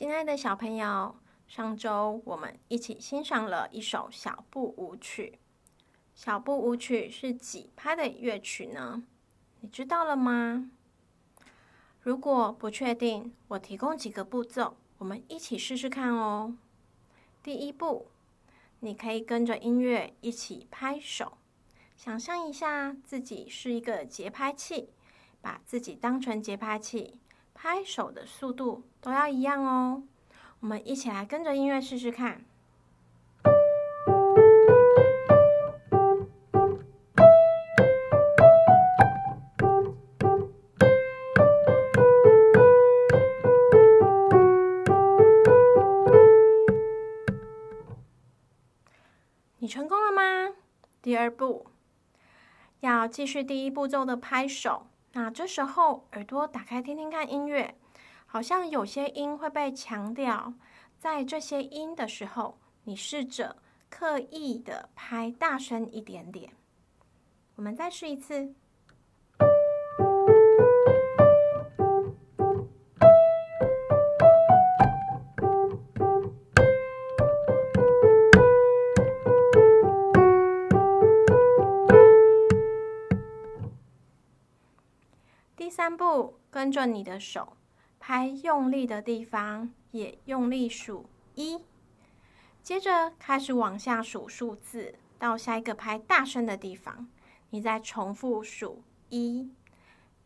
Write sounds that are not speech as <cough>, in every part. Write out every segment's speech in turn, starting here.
親愛的小朋友，上週我們一起欣賞了一首小步舞曲。小步舞曲是幾拍的樂曲呢？你知道了嗎？如果不確定，我提供幾個步驟，我們一起試試看哦。第一步，你可以跟着音樂一起拍手，想象一下自己是一個節拍器，把自己當成節拍器。拍手的速度都要一樣哦，我們一起來跟着音樂試試看。你成功了嗎？第二步，要繼續第一步驟的拍手。那這時候，耳朵打開聽聽看音樂，好像有些音會被強調。在這些音的時候，你試着刻意的拍大聲一點點。我們再試一次。三步，跟着你的手拍，用力的地方也用力數一。接着開始往下數數字，到下一個拍大聲的地方，你再重複數一。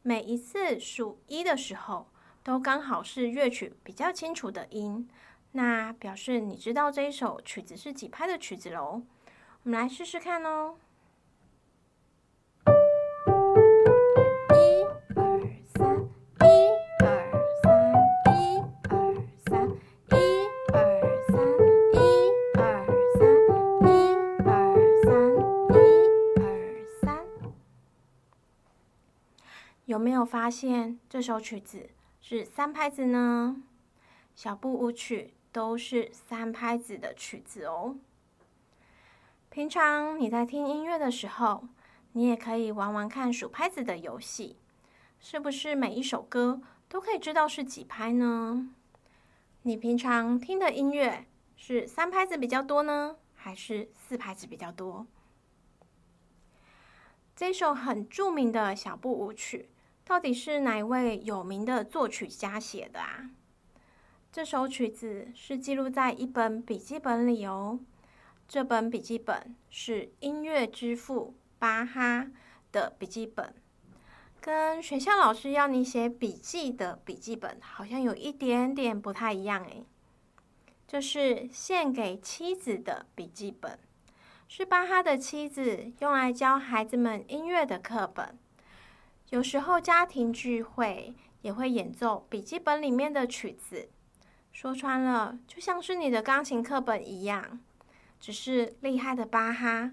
每一次數一的時候，都剛好是樂曲比較清楚的音，那表示你知道這一首曲子是幾拍的曲子嘍。我們來試試看哦。發現這首曲子是三拍子呢？小步舞曲都是三拍子的曲子哦。平常你在聽音樂的時候，你也可以玩玩看數拍子的遊戲。是不是每一首歌都可以知道是幾拍呢？你平常聽的音樂是三拍子比較多呢，還是四拍子比較多？這首很著名的小步舞曲。到底是哪一位有名的作曲家寫的啊？這首曲子是記錄在一本筆記本裡哦。這本筆記本是音樂之父巴哈的筆記本，跟學校老師要你寫筆記的筆記本好像有一點點不太一樣誒，這、就是獻給妻子的筆記本，是巴哈的妻子用來教孩子們音樂的課本。有時候家庭聚會也會演奏筆記本裡面的曲子，說穿了就像是你的鋼琴課本一樣，只是厲害的巴哈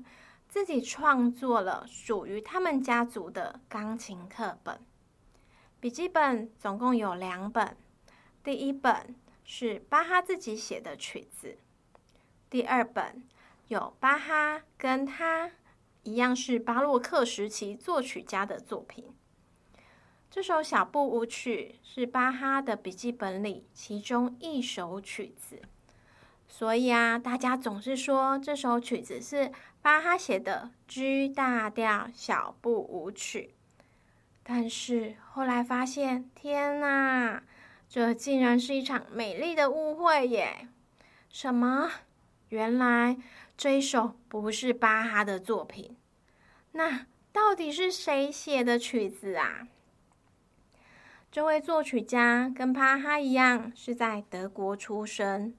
自己創作了屬於他們家族的鋼琴課本。筆記本總共有兩本，第一本是巴哈自己寫的曲子，第二本有巴哈跟他一樣是巴洛克時期作曲家的作品。這首小步舞曲是巴哈的筆記本裡其中一首曲子，所以啊，大家總是說這首曲子是巴哈寫的 G 大調小步舞曲。但是後來發現，天哪，這竟然是一場美麗的誤會耶！什麼？原來這一首不是巴哈的作品，那到底是誰寫的曲子啊？這位作曲家跟巴哈一樣是在德國出生，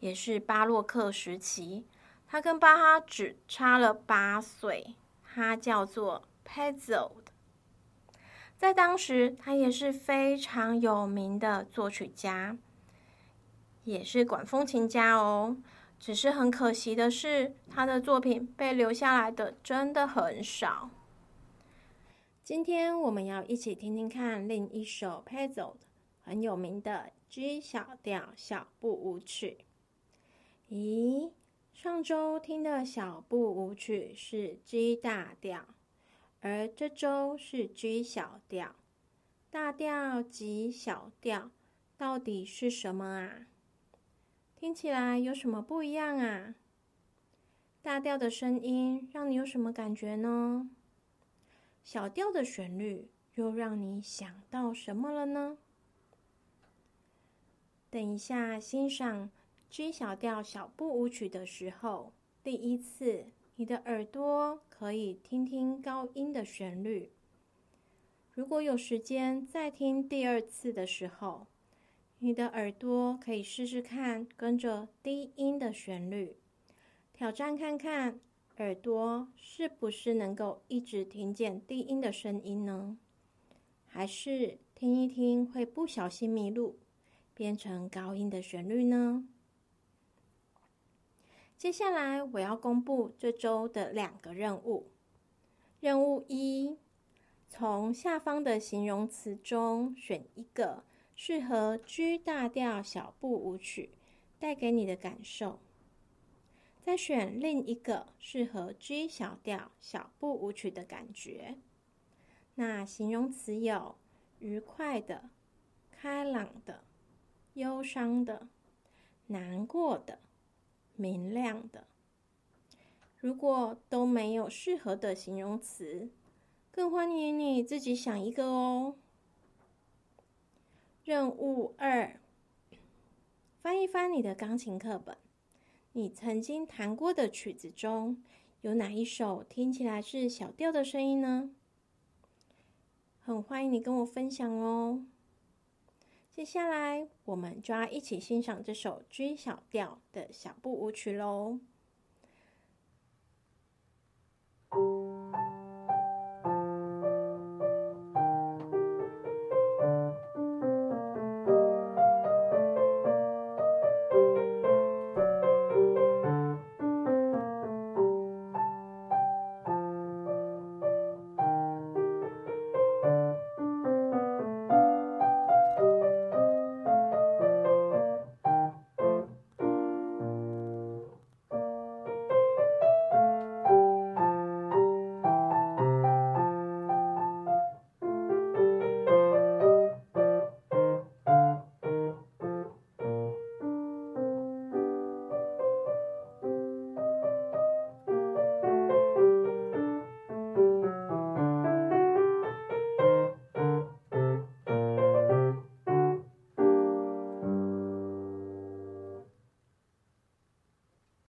也是巴洛克時期。他跟巴哈只差了八歲，他叫做 Petzold。在當時，他也是非常有名的作曲家，也是管風琴家哦。只是很可惜的是，他的作品被留下來的真的很少。今天我們要一起聽聽看另一首 Petzold 很有名的 G 小調小步舞曲。咦，上週聽的小步舞曲是 G 大調，而這週是 G 小調。大調及小調到底是什麼啊？聽起來有什麼不一樣啊？大調的聲音讓你有什麼感覺呢？小調的旋律又讓你想到什麼了呢？等一下欣賞 G 小調小步舞曲的時候，第一次你的耳朵可以聽聽高音的旋律。如果有時間再聽第二次的時候，你的耳朵可以試試看跟着低音的旋律，挑戰看看。耳朵是不是能夠一直聽見低音的聲音呢？還是聽一聽會不小心迷路，變成高音的旋律呢？接下來我要公布這週的兩個任務。任務一：從下方的形容詞中選一個，適合 G 大調小步舞曲帶給你的感受。再選另一個適合 G 小調小步舞曲的感覺。那形容詞有愉快的、開朗的、憂傷的、難過的、明亮的。如果都沒有適合的形容詞，更歡迎你自己想一個哦。任務二，翻一翻你的鋼琴課本。你曾經彈過的曲子中有哪一首聽起來是小調的聲音呢？很歡迎你跟我分享哦。接下來我們就要一起欣賞這首 G 小調的小步舞曲嘍。 <noise>